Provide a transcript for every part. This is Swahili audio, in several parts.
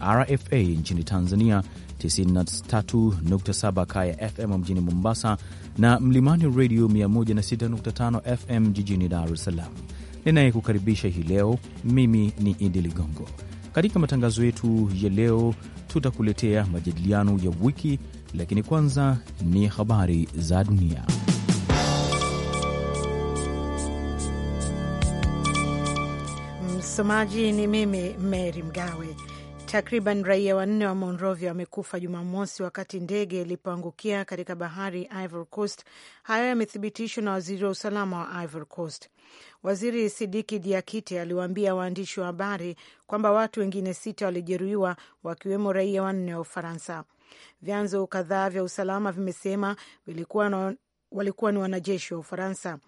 RFA nchini Tanzania, 93.7 Kaya FM mjini Mombasa na Mlimani Radio 106.5 FM jijini Dar es Salaam. Ninayekukaribisha hii leo mimi ni Idi Ligongo. Katika matangazo yetu ya leo tutakuletea majadiliano ya wiki, lakini kwanza ni habari za dunia. Msomaji ni mimi Meri Mgawe. Takriban raia wanne wa Monrovia wamekufa Jumamosi wakati ndege ilipoangukia katika bahari Ivory Coast. Hayo yamethibitishwa na waziri wa usalama wa Ivory Coast. Waziri Sidiki Diakite aliwaambia waandishi wa habari kwamba watu wengine sita walijeruhiwa wakiwemo raia wanne wa Ufaransa. Vyanzo kadhaa vya usalama vimesema vilikuwa na walikuwa ni wanajeshi wa Ufaransa.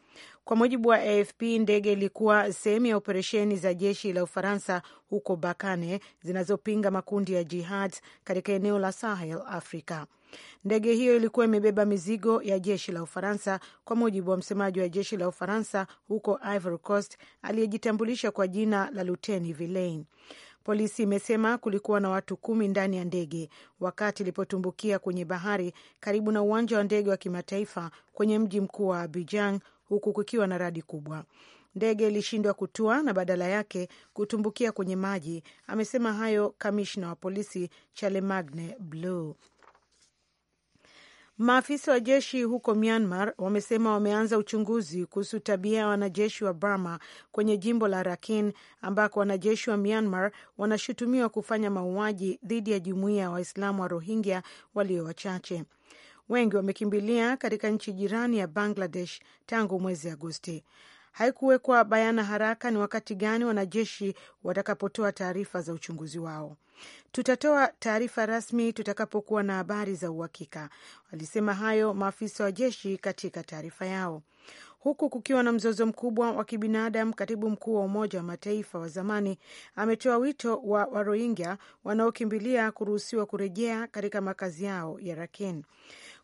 Kwa mujibu wa AFP, ndege ilikuwa sehemu ya operesheni za jeshi la Ufaransa huko Bakane zinazopinga makundi ya jihad katika eneo la Sahel, Afrika. Ndege hiyo ilikuwa imebeba mizigo ya jeshi la Ufaransa, kwa mujibu wa msemaji wa jeshi la Ufaransa huko Ivory Coast aliyejitambulisha kwa jina la Luteni Villain. Polisi imesema kulikuwa na watu kumi ndani ya ndege wakati ilipotumbukia kwenye bahari karibu na uwanja wa ndege wa kimataifa kwenye mji mkuu wa Abidjan huku kukiwa na radi kubwa. Ndege ilishindwa kutua na badala yake kutumbukia kwenye maji. Amesema hayo kamishna wa polisi Chalemagne Blue. Maafisa wa jeshi huko Myanmar wamesema wameanza uchunguzi kuhusu tabia ya wanajeshi wa Burma kwenye jimbo la Rakhine ambako wanajeshi wa Myanmar wanashutumiwa kufanya mauaji dhidi ya jumuiya ya Waislamu wa Rohingya walio wachache wengi wamekimbilia katika nchi jirani ya Bangladesh tangu mwezi Agosti. Haikuwekwa bayana haraka ni wakati gani wanajeshi watakapotoa taarifa za uchunguzi wao. Tutatoa taarifa rasmi tutakapokuwa na habari za uhakika, walisema hayo maafisa wa jeshi katika taarifa yao. Huku kukiwa na mzozo mkubwa wa kibinadamu, katibu mkuu wa Umoja wa Mataifa wa zamani ametoa wito wa Warohingya wanaokimbilia kuruhusiwa kurejea katika makazi yao ya Rakhine.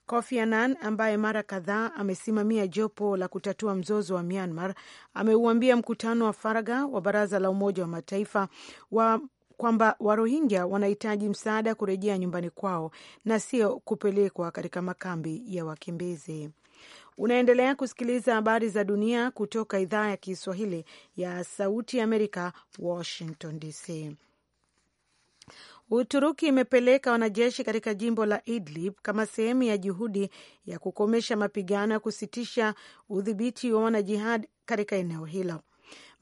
Kofi Annan ambaye mara kadhaa amesimamia jopo la kutatua mzozo wa Myanmar ameuambia mkutano wa faraga wa Baraza la Umoja wa Mataifa wa kwamba Warohingya wanahitaji msaada kurejea nyumbani kwao na sio kupelekwa katika makambi ya wakimbizi. Unaendelea kusikiliza habari za dunia kutoka idhaa ya Kiswahili ya Sauti ya Amerika, Washington DC. Uturuki imepeleka wanajeshi katika jimbo la Idlib kama sehemu ya juhudi ya kukomesha mapigano ya kusitisha udhibiti wa wanajihadi katika eneo hilo.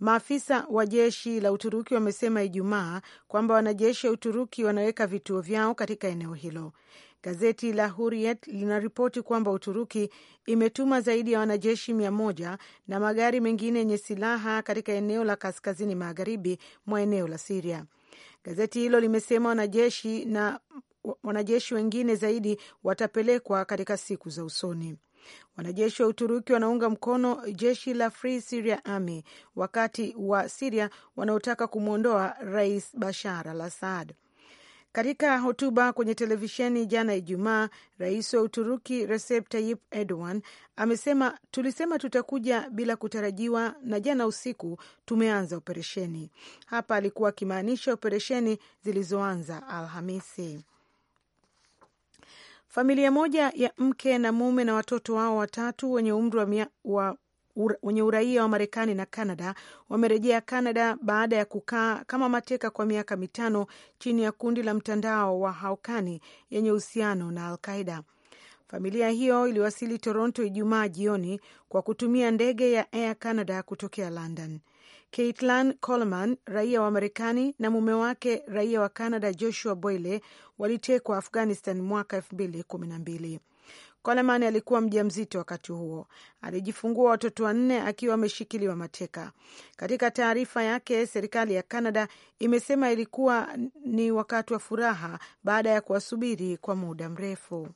Maafisa wa jeshi la Uturuki wamesema Ijumaa kwamba wanajeshi wa Uturuki wanaweka vituo vyao katika eneo hilo. Gazeti la Hurriyet linaripoti kwamba Uturuki imetuma zaidi ya wanajeshi mia moja na magari mengine yenye silaha katika eneo la kaskazini magharibi mwa eneo la Siria. Gazeti hilo limesema wanajeshi na wanajeshi wengine zaidi watapelekwa katika siku za usoni. Wanajeshi wa Uturuki wanaunga mkono jeshi la Free Syria Army wakati wa Siria wanaotaka kumwondoa Rais Bashar al Assad. Katika hotuba kwenye televisheni jana Ijumaa, rais wa Uturuki Recep Tayyip Erdogan amesema tulisema tutakuja bila kutarajiwa, na jana usiku tumeanza operesheni. Hapa alikuwa akimaanisha operesheni zilizoanza Alhamisi. Familia moja ya mke na mume na watoto wao watatu wenye umri wa, wa ura, wenye uraia wa Marekani na canada wamerejea canada baada ya kukaa kama mateka kwa miaka mitano chini ya kundi la mtandao wa Haukani yenye uhusiano na al qaida Familia hiyo iliwasili Toronto Ijumaa jioni kwa kutumia ndege ya Air Canada kutokea London. Caitlin Coleman, raia wa Marekani, na mume wake raia wa Canada Joshua Boyle walitekwa Afghanistan mwaka elfu mbili kumi na mbili. Coleman alikuwa mjamzito wakati huo. Alijifungua watoto wanne akiwa ameshikiliwa mateka. Katika taarifa yake, serikali ya Canada imesema ilikuwa ni wakati wa furaha baada ya kuwasubiri kwa muda mrefu.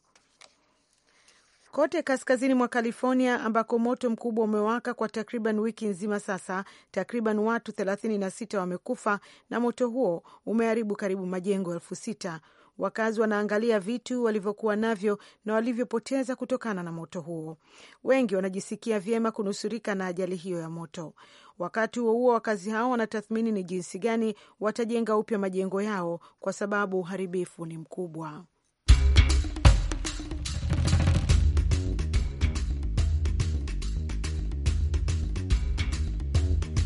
Kote kaskazini mwa California ambako moto mkubwa umewaka kwa takriban wiki nzima sasa, takriban watu 36 wamekufa na moto huo umeharibu karibu majengo elfu sita Wakazi wanaangalia vitu walivyokuwa navyo na walivyopoteza kutokana na moto huo. Wengi wanajisikia vyema kunusurika na ajali hiyo ya moto. Wakati huo huo, wakazi hao wanatathmini ni jinsi gani watajenga upya majengo yao kwa sababu uharibifu ni mkubwa.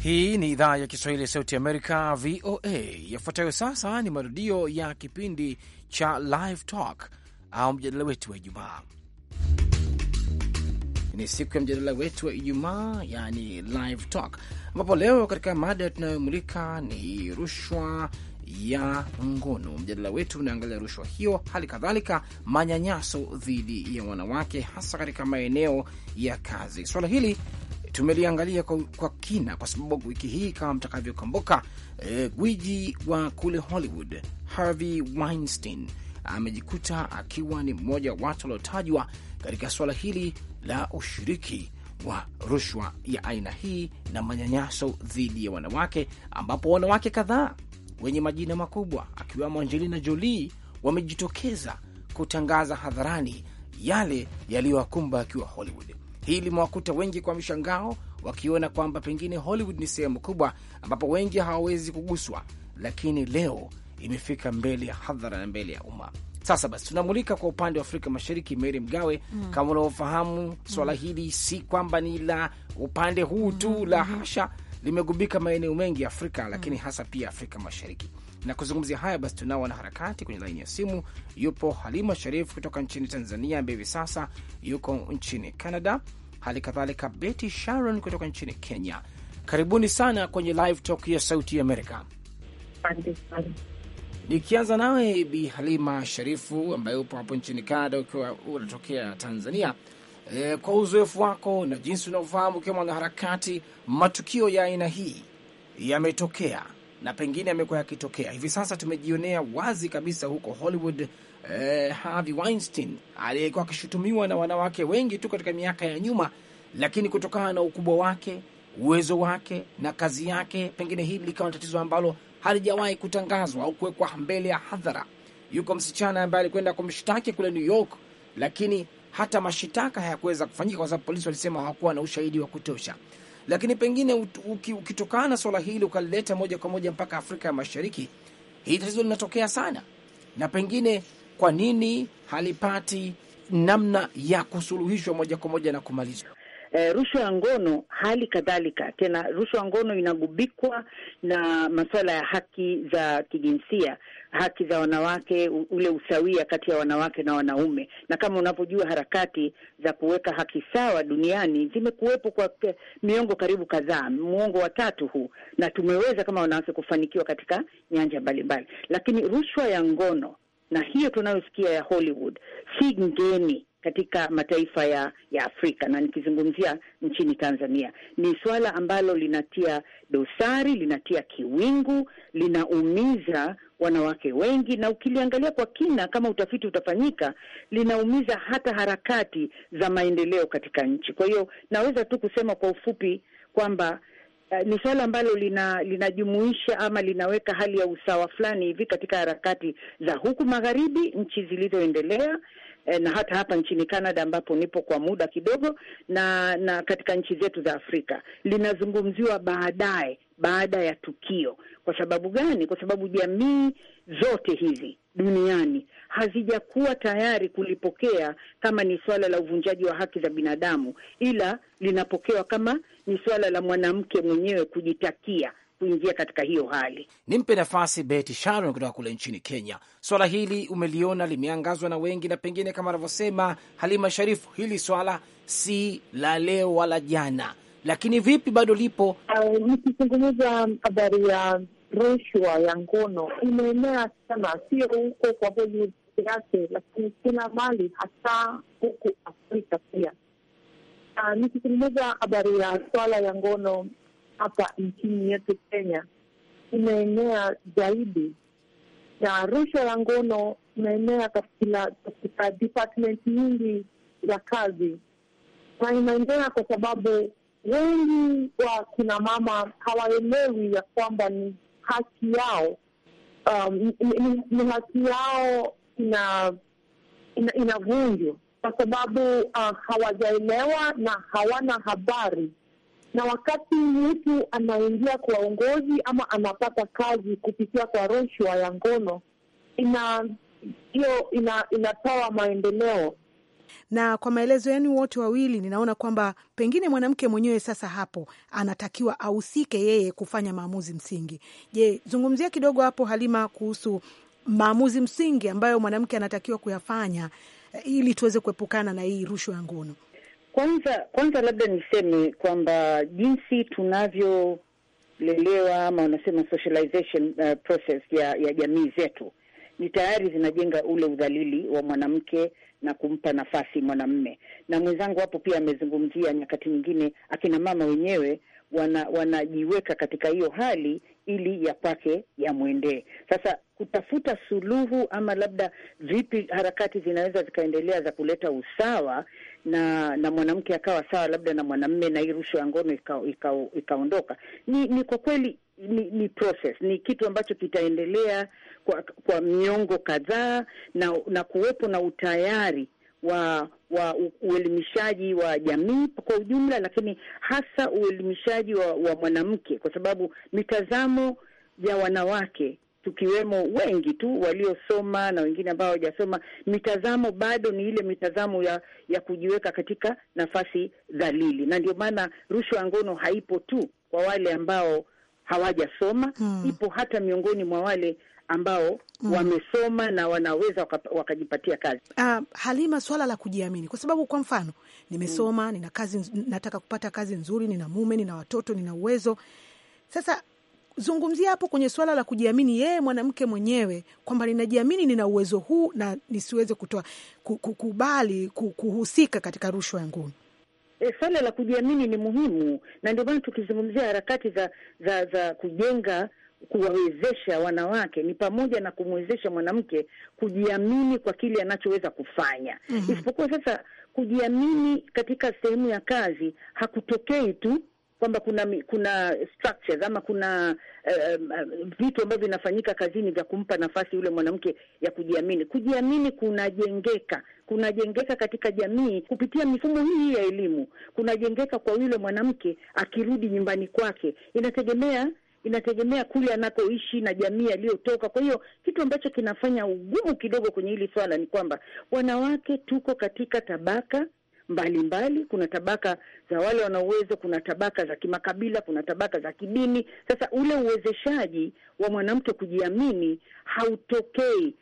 Hii ni idhaa ya Kiswahili ya Sauti Amerika, VOA. Yafuatayo sasa ni marudio ya kipindi cha Live Talk au mjadala wetu wa Ijumaa. Ni siku ya mjadala wetu wa Ijumaa, yani Live Talk, ambapo leo katika mada tunayomulika ni rushwa ya ngono. Mjadala wetu unaangalia rushwa hiyo, hali kadhalika manyanyaso dhidi ya wanawake, hasa katika maeneo ya kazi. Swala hili tumeliangalia kwa, kwa kina kwa sababu wiki hii kama mtakavyokumbuka, e, gwiji wa kule Hollywood Harvey Weinstein amejikuta akiwa ni mmoja wa watu waliotajwa katika suala hili la ushiriki wa rushwa ya aina hii na manyanyaso dhidi ya wanawake, ambapo wanawake kadhaa wenye majina makubwa akiwemo Angelina Jolie wamejitokeza kutangaza hadharani yale yaliyowakumba akiwa Hollywood. Hii limewakuta wengi kwa mshangao, wakiona kwamba pengine Hollywood ni sehemu kubwa ambapo wengi hawawezi kuguswa, lakini leo imefika mbele ya hadhara na mbele ya umma. Sasa basi, tunamulika kwa upande wa Afrika Mashariki. Mary Mgawe, mm. kama unavyofahamu swala mm. hili si kwamba ni la upande huu tu, mm -hmm. la hasha, limegubika maeneo mengi ya Afrika, lakini mm. hasa pia Afrika Mashariki. Na kuzungumzia haya basi, tunao wanaharakati kwenye laini ya simu. Yupo Halima Sharif kutoka nchini Tanzania ambaye hivi sasa yuko nchini Canada, hali kadhalika Betty Sharon kutoka nchini Kenya. Karibuni sana kwenye Live Talk ya Sauti ya Amerika. Nikianza nawe Bi Halima Sharifu ambaye upo hapo nchini Canada ukiwa unatokea Tanzania. E, kwa uzoefu wako na jinsi unaofahamu ukiwa mwanaharakati, matukio ya aina hii yametokea na pengine yamekuwa yakitokea. Hivi sasa tumejionea wazi kabisa huko Hollywood eh, Harvey Weinstein aliyekuwa akishutumiwa na wanawake wengi tu katika miaka ya nyuma, lakini kutokana na ukubwa wake, uwezo wake na kazi yake, pengine hili likawa tatizo ambalo halijawahi kutangazwa au kuwekwa mbele ya hadhara. Yuko msichana ambaye alikwenda kumshtaki kule New York, lakini hata mashitaka hayakuweza kufanyika kwa sababu polisi walisema hawakuwa na ushahidi wa kutosha lakini pengine ukitokana na swala hili ukalileta moja kwa moja mpaka Afrika ya Mashariki, hili tatizo linatokea sana, na pengine kwa nini halipati namna ya kusuluhishwa moja kwa moja na kumalizwa? E, rushwa ya ngono hali kadhalika. Tena rushwa ya ngono inagubikwa na masuala ya haki za kijinsia, haki za wanawake, ule usawia kati ya wanawake na wanaume. Na kama unavyojua harakati za kuweka haki sawa duniani zimekuwepo kwa miongo karibu kadhaa, muongo wa tatu huu, na tumeweza kama wanawake kufanikiwa katika nyanja mbalimbali, lakini rushwa ya ngono na hiyo tunayosikia ya Hollywood si ngeni katika mataifa ya, ya Afrika na nikizungumzia nchini Tanzania, ni suala ambalo linatia dosari, linatia kiwingu, linaumiza wanawake wengi, na ukiliangalia kwa kina, kama utafiti utafanyika, linaumiza hata harakati za maendeleo katika nchi. Kwa hiyo naweza tu kusema kwa ufupi kwamba Uh, ni suala ambalo lina, linajumuisha ama linaweka hali ya usawa fulani hivi katika harakati za huku magharibi, nchi zilizoendelea e, na hata hapa nchini Canada ambapo nipo kwa muda kidogo, na na katika nchi zetu za Afrika linazungumziwa baadaye, baada ya tukio. Kwa sababu gani? Kwa sababu jamii zote hizi duniani hazijakuwa tayari kulipokea kama ni swala la uvunjaji wa haki za binadamu, ila linapokewa kama ni swala la mwanamke mwenyewe kujitakia kuingia katika hiyo hali. Nimpe nafasi Betty Sharon kutoka kule nchini Kenya. Swala hili umeliona limeangazwa na wengi, na pengine kama anavyosema Halima Sharifu, hili swala si la leo wala jana, lakini vipi bado lipo. Uh, nikizungumza habari ya rushwa ya ngono imeenea sana, sio huko kwa Hollywood yake, lakini kila mali, hasa huku Afrika pia. Uh, nikizungumza habari ya swala ya ngono hapa nchini yetu Kenya imeenea zaidi, na rushwa ya ngono imeenea katika department nyingi za kazi, na imeenea kwa sababu wengi wa kina mama hawaelewi ya kwamba ni haki yao, um, ni, ni haki yao ina ina, ina kwa sababu uh, hawajaelewa na hawana habari na wakati mtu anaingia kwa uongozi ama anapata kazi kupitia kwa rushwa ya ngono, ina hiyo ina, inatoa maendeleo na kwa maelezo yenu wote wawili, ninaona kwamba pengine mwanamke mwenyewe sasa hapo anatakiwa ahusike yeye kufanya maamuzi msingi. Je, zungumzia kidogo hapo Halima kuhusu maamuzi msingi ambayo mwanamke anatakiwa kuyafanya eh, ili tuweze kuepukana na hii rushwa ya ngono. Kwanza kwanza labda niseme kwamba jinsi tunavyolelewa ama wanasema socialization uh, process ya ya jamii zetu ni tayari zinajenga ule udhalili wa mwanamke na kumpa nafasi mwanamme. Na mwenzangu hapo pia amezungumzia nyakati nyingine akina mama wenyewe wana, wanajiweka katika hiyo hali ili ya kwake yamwendee. Sasa kutafuta suluhu ama labda vipi harakati zinaweza zikaendelea za kuleta usawa na na mwanamke akawa sawa labda na mwanamme na hii rushwa ya ngono ikaondoka. Ni ni kwa kweli ni, ni process, ni kitu ambacho kitaendelea kwa kwa miongo kadhaa, na na kuwepo na utayari wa wa uelimishaji wa jamii kwa ujumla, lakini hasa uelimishaji wa, wa mwanamke, kwa sababu mitazamo ya wanawake tukiwemo wengi tu waliosoma na wengine ambao hawajasoma, mitazamo bado ni ile mitazamo ya ya kujiweka katika nafasi dhalili, na ndio maana rushwa ya ngono haipo tu kwa wale ambao hawajasoma hmm. Ipo hata miongoni mwa wale ambao mm. wamesoma na wanaweza waka, wakajipatia kazi. Uh, Halima, swala la kujiamini, kwa sababu kwa mfano nimesoma mm. nina kazi, nataka kupata kazi nzuri, nina mume, nina watoto, nina uwezo. Sasa zungumzia hapo kwenye swala la kujiamini yeye mwanamke mwenyewe kwamba ninajiamini, nina uwezo huu na nisiweze kutoa kukubali kuhusika katika rushwa ya nguni. E, eh, swala la kujiamini ni muhimu, na ndio maana tukizungumzia harakati za za za kujenga kuwawezesha wanawake ni pamoja na kumwezesha mwanamke kujiamini kwa kile anachoweza kufanya. mm -hmm. Isipokuwa sasa kujiamini katika sehemu ya kazi hakutokei tu kwamba kuna kuna structures ama kuna um, vitu ambavyo vinafanyika kazini vya kumpa nafasi yule mwanamke ya kujiamini. Kujiamini kunajengeka, kunajengeka katika jamii kupitia mifumo hii ya elimu, kunajengeka kwa yule mwanamke akirudi nyumbani kwake. Inategemea inategemea kule anakoishi na jamii aliyotoka. Kwa hiyo kitu ambacho kinafanya ugumu kidogo kwenye hili swala ni kwamba wanawake tuko katika tabaka mbalimbali mbali. Kuna tabaka za wale wana uwezo, kuna tabaka za kimakabila, kuna tabaka za kidini. Sasa ule uwezeshaji wa mwanamke kujiamini hautokei,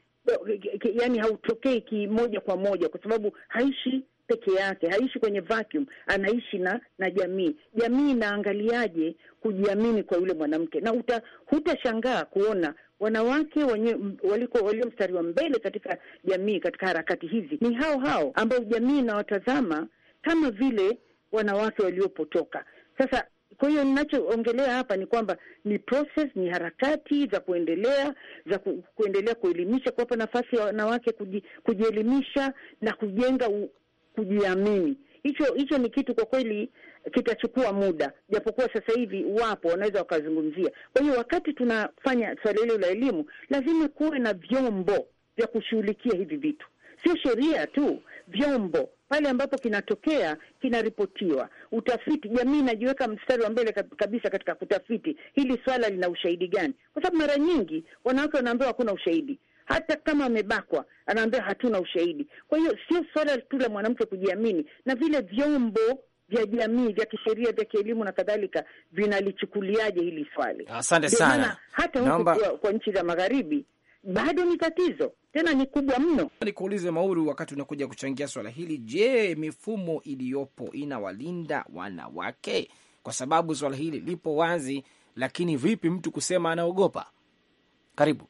yani hautokei kimoja kwa moja, kwa sababu haishi peke yake, haishi kwenye vacuum, anaishi na na jamii. Jamii inaangaliaje kujiamini kwa yule mwanamke, na uta, hutashangaa kuona wanawake walio walio mstari wa mbele katika jamii katika harakati hizi ni hao hao ambao jamii inawatazama kama vile wanawake waliopotoka. Sasa kwa hiyo ninachoongelea hapa ni kwamba ni process, ni harakati za kuendelea za ku, kuendelea kuelimisha, kuwapa nafasi ya wanawake kuji, kujielimisha na kujenga u, kujiamini. Hicho hicho ni kitu kwa kweli kitachukua muda, japokuwa sasa hivi wapo wanaweza wakazungumzia. Kwa hiyo wakati tunafanya swala hilo la elimu, lazima kuwe na vyombo vya kushughulikia hivi vitu, sio sheria tu, vyombo pale ambapo kinatokea kinaripotiwa, utafiti. Jamii inajiweka mstari wa mbele kabisa katika kutafiti hili swala lina ushahidi gani, kwa sababu mara nyingi wanawake wanaambiwa hakuna ushahidi hata kama amebakwa anaambia hatuna ushahidi. Kwa hiyo sio swala tu la mwanamke kujiamini, na vile vyombo vya jamii, vya kisheria, vya kielimu na kadhalika vinalichukuliaje hili swali? Asante sana. Hata huku kwa nchi za magharibi bado ni tatizo, tena ni kubwa mno. Nikuulize Mauru, wakati unakuja kuchangia swala hili, je, mifumo iliyopo inawalinda wanawake? Kwa sababu swala hili lipo wazi, lakini vipi mtu kusema anaogopa? Karibu.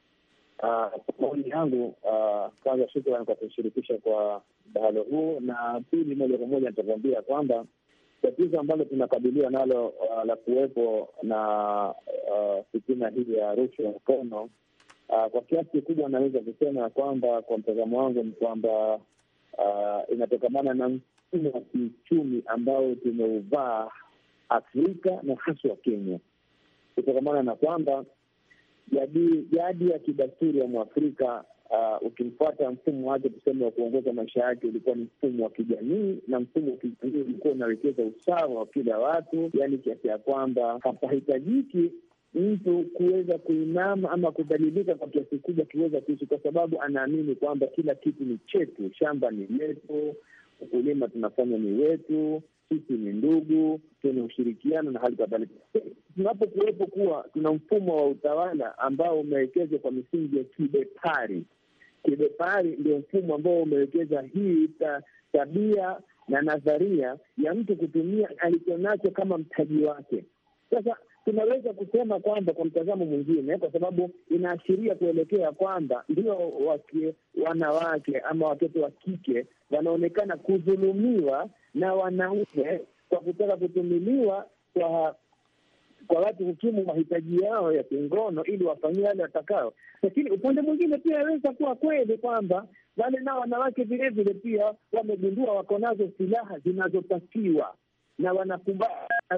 Ah, kwa maoni yangu, ah, kwanza, shukrani kwa kushirikisha kwa mdahalo huu, na pili, moja kwa moja nitakuambia kwamba tatizo ambalo tunakabiliwa nalo uh, la kuwepo na uh, fitina uh, hii ya rushwa ya mkono uh, kwa kiasi kikubwa anaweza kusema ya kwamba kwa mtazamo wangu ni kwamba uh, inatokamana na mfumo wa kiuchumi ambao tumeuvaa Afrika na haswa Kenya, kutokamana na kwamba jadi ya kidasturi ya Mwafrika uh, ukimfuata mfumo wake tuseme wa kuongoza maisha yake ulikuwa ni mfumo wa kijamii, na mfumo wa kijamii ulikuwa unawekeza usawa wa kila watu, yani kiasi ya kwamba hapahitajiki mtu kuweza kuinama ama kudhalilika kwa kiasi kubwa kiweza kuishi, kwa sababu anaamini kwamba kila kitu ni chetu, shamba ni letu, ukulima tunafanya ni wetu, sisi ni ndugu, tuna ushirikiano na hali kadhalika. Tunapokuwepo kuwa tuna mfumo wa utawala ambao umewekezwa kwa misingi ya kibepari, kibepari ndio mfumo ambao umewekeza hii ta, uh, tabia na nadharia ya mtu kutumia alichonacho kama mtaji wake. Sasa tunaweza kusema kwamba kwa mtazamo mwingine, kwa sababu inaashiria kuelekea kwamba ndio wanawake ama watoto wa kike wanaonekana kudhulumiwa na wanaume kwa kutaka kutumiliwa kwa kwa watu hukimu mahitaji yao ya kingono ili wafanyie yale watakao. Lakini upande mwingine pia aweza kuwa kweli kwamba wale nao wanawake vilevile pia wamegundua wako nazo silaha zinazotakiwa na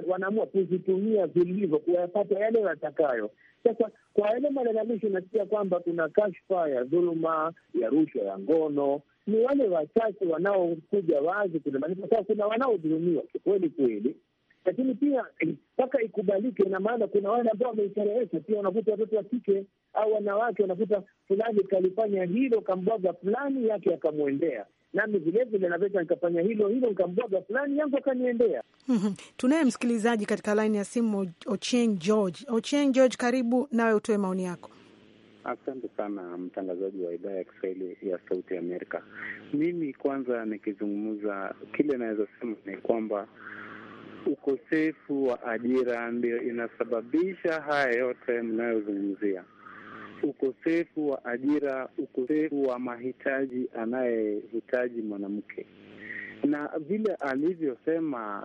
wanaamua kuzitumia vilivyo kuyapata yale watakayo. Sasa kwa yale malalamishi, nasikia kwamba kuna kashfa ya dhuluma ya rushwa ya ngono, ni wale wachache wanaokuja wazi kuna, kuna wanaodhulumiwa kweli kweli lakini pia eh, mpaka ikubalike. Ina maana kuna wale ambao wameisherehesha pia, wanakuta watoto wa kike au wanawake, wanakuta fulani kalifanya hilo kambwaga fulani yake akamwendea, nami vilevile naweza nikafanya hilo hilo nikambwaga fulani yangu akaniendea. mm -hmm. Tunaye msikilizaji katika laini ya simu, Ochieng George. Ochieng George, karibu nawe utoe maoni yako. Asante sana mtangazaji wa idhaa ya Kiswahili ya Sauti ya Amerika. Mimi kwanza nikizungumza, kile naweza sema ni kwamba ukosefu wa ajira ndio inasababisha haya yote mnayozungumzia ukosefu wa ajira, ukosefu wa mahitaji anayehitaji mwanamke, na vile alivyosema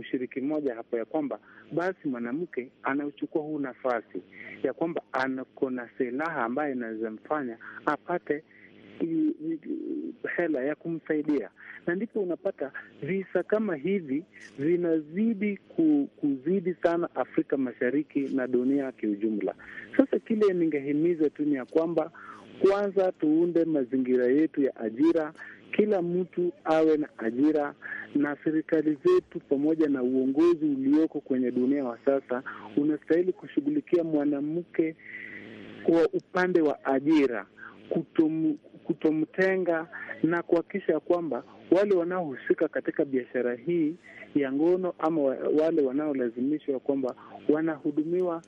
mshiriki mmoja hapo ya kwamba basi mwanamke anachukua huu nafasi ya kwamba anako na silaha ambayo inaweza mfanya apate hela ya kumsaidia, na ndipo unapata visa kama hivi vinazidi ku, kuzidi sana Afrika Mashariki na dunia kiujumla. Sasa kile ningehimiza tu ni ya kwamba kwanza tuunde mazingira yetu ya ajira, kila mtu awe na ajira, na serikali zetu pamoja na uongozi ulioko kwenye dunia wa sasa unastahili kushughulikia mwanamke kwa upande wa ajira, kutom, kutomtenga na kuhakikisha kwamba wale wanaohusika katika biashara hii ya ngono ama wale wanaolazimishwa kwamba wanahudumiwa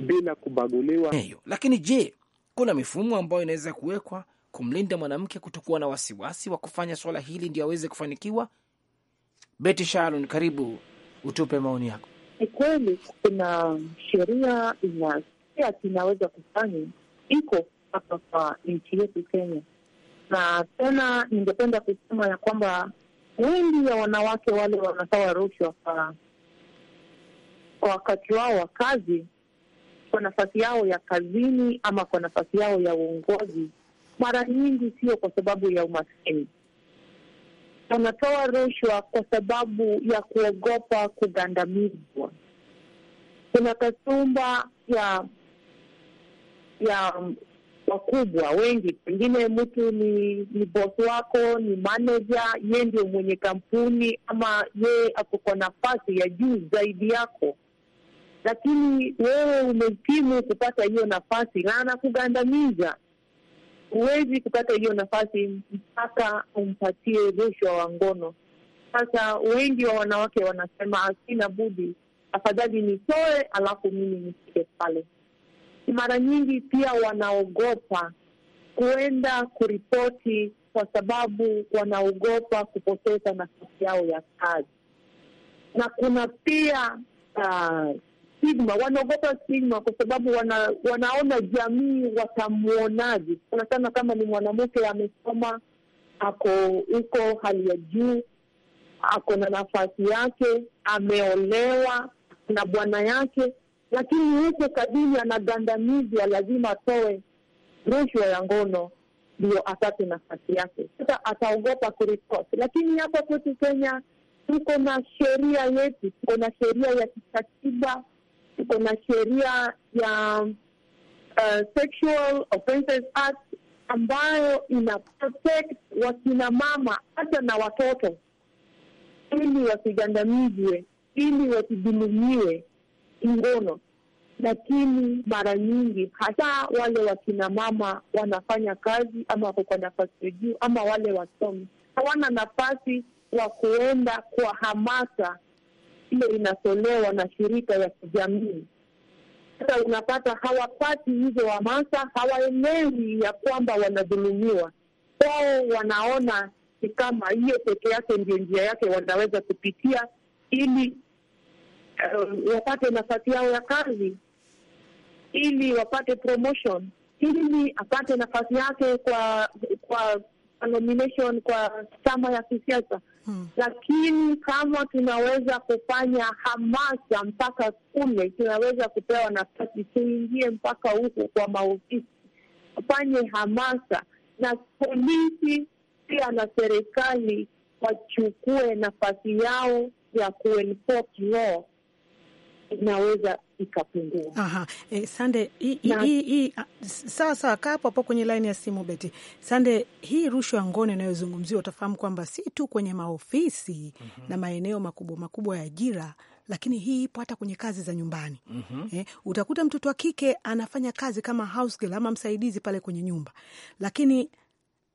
bila kubaguliwa. Heyo. Lakini je, kuna mifumo ambayo inaweza kuwekwa kumlinda mwanamke kutokuwa na wasiwasi wa kufanya swala hili ndio aweze kufanikiwa? Beti Sharon, karibu utupe maoni yako. Ni kweli kuna sheria ina inaweza kufanya iko hapa kwa nchi yetu Kenya na tena ningependa kusema ya kwamba wengi ya wanawake wale wanatoa rushwa kwa wakati wao wa kazi, kwa nafasi yao ya kazini ama kwa nafasi yao ya uongozi, mara nyingi sio kwa sababu ya umaskini. Wanatoa rushwa kwa sababu ya kuogopa kugandamizwa. Kuna kasumba ya ya wakubwa wengi, pengine mtu ni, ni bos wako, ni manaja, ye ndio mwenye kampuni ama yeye ako kwa nafasi ya juu zaidi yako, lakini wewe umehitimu kupata hiyo nafasi na anakugandamiza. Huwezi kupata hiyo nafasi mpaka umpatie rushwa wa ngono. Sasa wengi wa wanawake wanasema, asina budi, afadhali nitoe alafu mimi nifike pale mara nyingi pia wanaogopa kuenda kuripoti kwa sababu wanaogopa kupoteza nafasi yao ya kazi, na kuna pia uh, stigma. Wanaogopa stigma kwa sababu wana, wanaona jamii watamwonaje, sana sana kama ni mwanamke amesoma, ako huko hali ya juu, ako na nafasi yake, ameolewa na bwana yake lakini yote anagandamizi ya lazima atoe rushwa ya ngono ndio apate nafasi yake. Sasa ataogopa kuripot, lakini hapa kwetu Kenya tuko na sheria yetu, tuko na sheria ya kikatiba, tuko na sheria ya uh, Sexual Offences Act ambayo ina protect wakina mama hata na watoto, ili wasigandamizwe, ili wasidhulumiwe ngono, lakini mara nyingi hasa wale wakinamama wanafanya kazi ama wako kwa nafasi ya juu ama wale wasomi hawana nafasi wa kuenda kwa hamasa hiyo inatolewa na shirika ya kijamii. Sasa unapata hawapati hizo hamasa, hawaenewi ya kwamba wanadhulumiwa. Wao wanaona ni kama hiyo peke yake ndio njia yake wanaweza kupitia ili uh, wapate nafasi yao ya kazi ili wapate promotion, ili apate nafasi yake kwa kwa nomination kwa chama ya kisiasa hmm. Lakini kama tunaweza kufanya hamasa mpaka kule, tunaweza kupewa nafasi, tuingie mpaka huko kwa maofisi, tufanye hamasa, na polisi pia na serikali wachukue nafasi yao ya kuenforce law inaweza ikapungua. Aha. E, Sande, hii sawa sawa, kaa hapo hapo kwenye laini ya simu Beti. Sande, hii rushwa ya ngono inayozungumziwa, utafahamu kwamba si tu kwenye maofisi mm -hmm. na maeneo makubwa makubwa ya ajira lakini hii ipo hata kwenye kazi za nyumbani. mm -hmm. Eh, utakuta mtoto wa kike anafanya kazi kama house girl ama msaidizi pale kwenye nyumba, lakini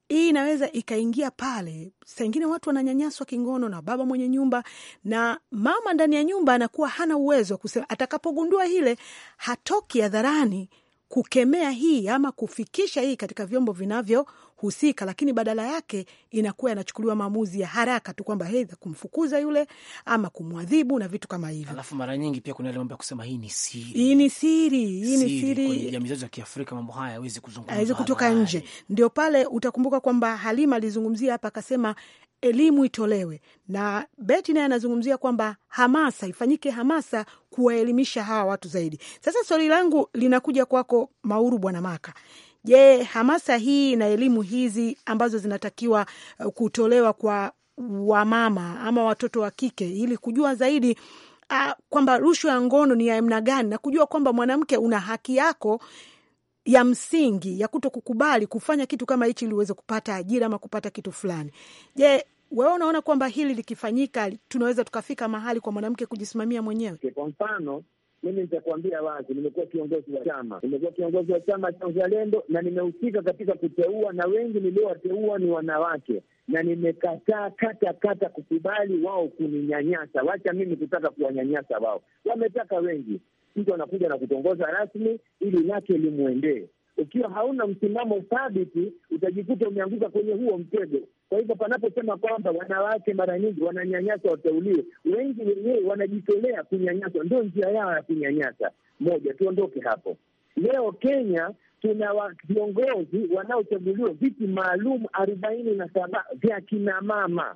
hii inaweza ikaingia pale. Saa ingine watu wananyanyaswa kingono na baba mwenye nyumba, na mama ndani ya nyumba anakuwa hana uwezo wa kusema. Atakapogundua hile, hatoki hadharani kukemea hii ama kufikisha hii katika vyombo vinavyo husika, lakini badala yake inakuwa yanachukuliwa maamuzi ya haraka tu kwamba hedha kumfukuza yule ama kumwadhibu na vitu kama hivyo. Alafu mara nyingi pia kuna ile mambo ya kusema hii ni siri, hii ni siri, hii ni siri. Kwenye jamii zetu za Kiafrika mambo haya hawezi kuzungumza, hawezi kutoka nje. Ndio pale utakumbuka kwamba Halima alizungumzia hapa akasema elimu itolewe na Beti naye anazungumzia kwamba hamasa ifanyike, hamasa kuwaelimisha hawa watu zaidi. Sasa swali langu linakuja kwako Mauru Bwana Maka, Je, hamasa hii na elimu hizi ambazo zinatakiwa uh, kutolewa kwa wamama ama watoto wa kike ili kujua zaidi uh, kwamba rushwa ya ngono ni ya namna gani na kujua kwamba mwanamke una haki yako ya msingi ya kuto kukubali kufanya kitu kama hichi ili uweze kupata ajira ama kupata kitu fulani. Je, wewe unaona kwamba hili likifanyika tunaweza tukafika mahali kwa mwanamke kujisimamia mwenyewe? Kwa mfano mimi nitakuambia wazi, nimekuwa kiongozi wa chama, nimekuwa kiongozi wa chama cha Uzalendo na nimehusika katika kuteua, na wengi niliowateua ni wanawake, na nimekataa kata kata kukubali wao kuninyanyasa, wacha mimi kutaka kuwanyanyasa wao. Wametaka wengi, mtu anakuja na kutongoza rasmi ili lake limwendee ukiwa hauna msimamo thabiti, utajikuta umeanguka kwenye huo mtego. Kwa hivyo, panaposema kwamba wanawake mara nyingi wananyanyasa wateuliwe, wengi wenyewe wanajitolea kunyanyaswa, ndio njia yao ya kunyanyasa. Moja, tuondoke hapo. Leo Kenya tuna viongozi wanaochaguliwa viti maalum arobaini na saba vya kinamama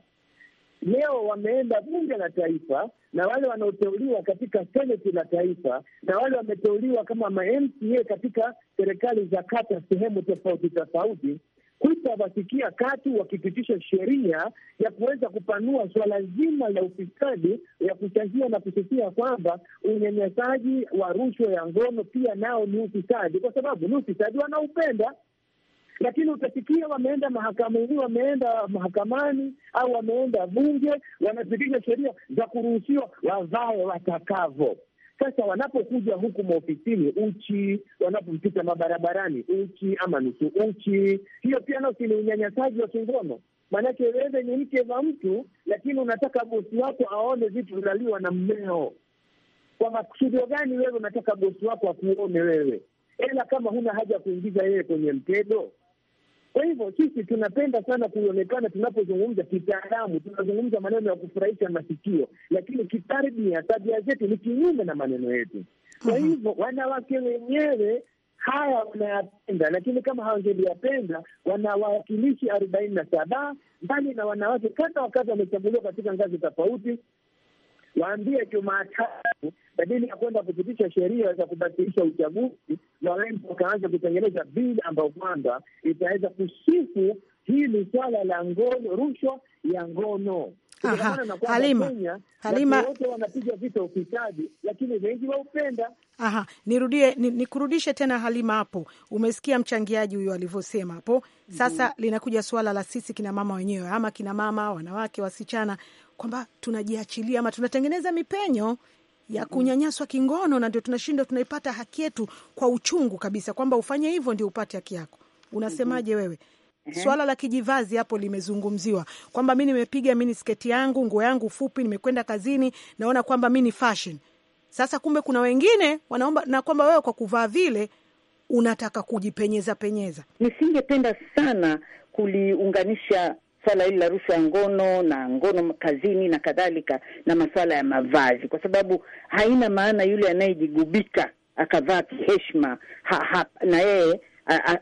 leo wameenda bunge la taifa na wale wanaoteuliwa katika seneti la taifa na wale wameteuliwa kama mamca katika serikali za kata sehemu tofauti tofauti hutawafikia kati wakipitisha sheria ya kuweza kupanua suala zima la ufisadi ya kuchangia na kusikia kwamba unyanyasaji wa rushwa ya ngono pia nao ni ufisadi, kwa sababu ni ufisadi wanaupenda lakini utasikia wameenda mahakamani, wameenda mahakamani au wameenda bunge, wanapitisha sheria za kuruhusiwa wavae watakavyo. Sasa wanapokuja huku maofisini uchi, wanapopita mabarabarani uchi ama nusu uchi, hiyo pia nasi ni unyanyasaji wa kingono. Maanake wewe ni mke wa mtu, lakini unataka bosi wako aone vitu vinaliwa na mmeo. Kwa makusudio gani wewe unataka bosi wako akuone wewe, ela kama huna haja ya kuingiza yeye kwenye mtego? Kwa hivyo sisi tunapenda sana kuonekana, tunapozungumza kitaalamu, tunazungumza maneno ya kufurahisha masikio, lakini kitaribia, tabia zetu ni kinyume na maneno yetu. Kwa hivyo wanawake wenyewe haya wanayapenda, lakini kama hawangeliyapenda wanawakilishi arobaini na saba mbali na wanawake kadha wakati wamechaguliwa katika ngazi tofauti, waambie Jumatatu, badili ya kwenda kupitisha sheria za kubatilisha uchaguzi, na wengi wakaanza kutengeneza bili ambayo kwamba itaweza kusifu hili swala la ngono, rushwa ya ngono. Halima, Halima, wote wanapiga vita ufisadi, lakini wengi waupenda. Aha, nirudie nikurudishe ni tena Halima hapo. Umesikia mchangiaji huyo alivyosema hapo. Sasa mm -hmm. linakuja suala la sisi kinamama wenyewe ama kinamama, wanawake, wasichana kwamba tunajiachilia ama tunatengeneza mipenyo ya kunyanyaswa kingono, na ndio tunashindwa tunaipata haki yetu kwa uchungu kabisa, kwamba ufanye hivyo ndio upate haki yako. Unasemaje mhm. wewe? Mhm. Swala la kijivazi hapo limezungumziwa kwamba mi nimepiga mini sketi yangu, nguo yangu fupi, nimekwenda kazini, naona kwamba mi ni fashion. Sasa kumbe kuna wengine wanaomba na kwamba wewe kwa kuvaa vile unataka kujipenyeza penyeza. Nisingependa sana kuliunganisha swala hili la rushwa ya ngono na ngono kazini na kadhalika, na masuala ya mavazi, kwa sababu haina maana yule anayejigubika akavaa kiheshima ha, ha, na yeye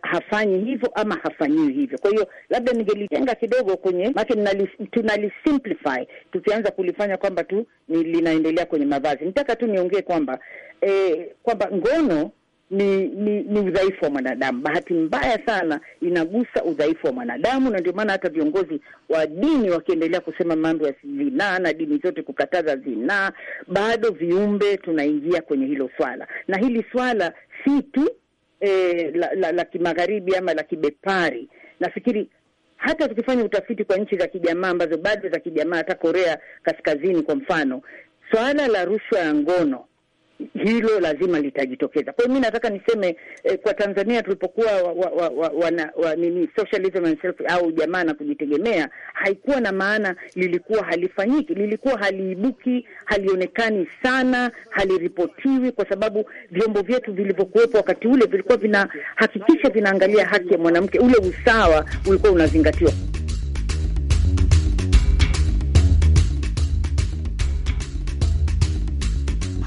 hafanyi hivyo ama hafanyiwi hivyo. Kwa hiyo labda ningelitenga kidogo kwenye make, tunalisimplify tukianza kulifanya kwamba tu ni linaendelea kwenye mavazi. Nitaka tu niongee kwamba eh, kwamba ngono ni ni, ni udhaifu wa mwanadamu. Bahati mbaya sana inagusa udhaifu wa mwanadamu, na ndio maana hata viongozi wa dini wakiendelea kusema mambo ya zinaa na dini zote kukataza zinaa, bado viumbe tunaingia kwenye hilo swala, na hili swala si tu eh, la, la, la kimagharibi ama la kibepari. Nafikiri hata tukifanya utafiti kwa nchi za kijamaa ambazo bado za kijamaa, hata Korea Kaskazini kwa mfano, swala la rushwa ya ngono hilo lazima litajitokeza. Kwa hiyo mi nataka niseme eh, kwa Tanzania tulipokuwa wa, wa, wa, wa, wa, socialism and self au jamaa na kujitegemea haikuwa na maana, lilikuwa halifanyiki, lilikuwa haliibuki, halionekani sana, haliripotiwi, kwa sababu vyombo vyetu vilivyokuwepo wakati ule vilikuwa vinahakikisha vinaangalia haki ya mwanamke, ule usawa ulikuwa unazingatiwa.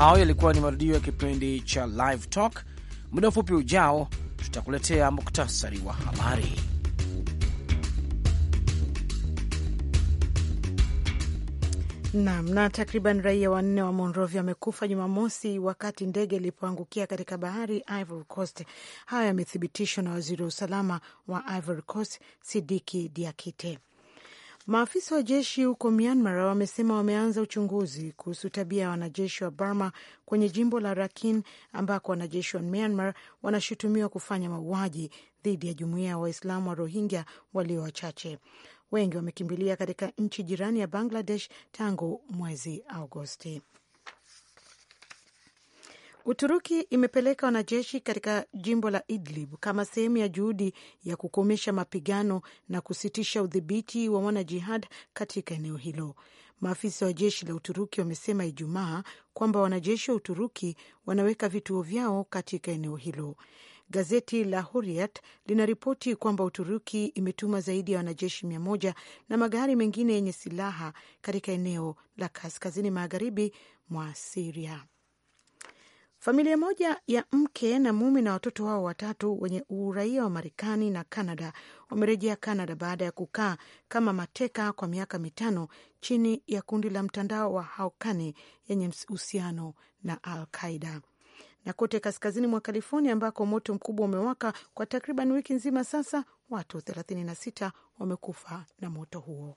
Hayo yalikuwa ni marudio ya kipindi cha Live Talk. Muda mfupi ujao, tutakuletea muktasari wa habari. nam na takriban raia wanne wa Monrovia wamekufa Jumamosi wakati ndege ilipoangukia katika bahari Ivory Coast. Haya yamethibitishwa na waziri wa usalama wa Ivory Coast Sidiki Diakite. Maafisa wa jeshi huko Myanmar wamesema wameanza uchunguzi kuhusu tabia ya wanajeshi wa Burma kwenye jimbo la Rakhine ambako wanajeshi wa Myanmar wanashutumiwa kufanya mauaji dhidi ya jumuiya ya Waislamu wa Rohingya walio wachache. Wengi wamekimbilia katika nchi jirani ya Bangladesh tangu mwezi Agosti. Uturuki imepeleka wanajeshi katika jimbo la Idlib kama sehemu ya juhudi ya kukomesha mapigano na kusitisha udhibiti wa wanajihad katika eneo hilo. Maafisa wa jeshi la Uturuki wamesema Ijumaa kwamba wanajeshi wa Uturuki wanaweka vituo vyao katika eneo hilo. Gazeti la Hurriyet linaripoti kwamba Uturuki imetuma zaidi ya wanajeshi mia moja na magari mengine yenye silaha katika eneo la kaskazini magharibi mwa Siria. Familia moja ya mke na mume na watoto wao watatu wenye uraia wa Marekani na canada wamerejea canada baada ya kukaa kama mateka kwa miaka mitano chini ya kundi la mtandao wa haukani yenye uhusiano na Al Qaida. Na kote kaskazini mwa California ambako moto mkubwa umewaka kwa takriban wiki nzima sasa, watu 36 wamekufa na moto huo.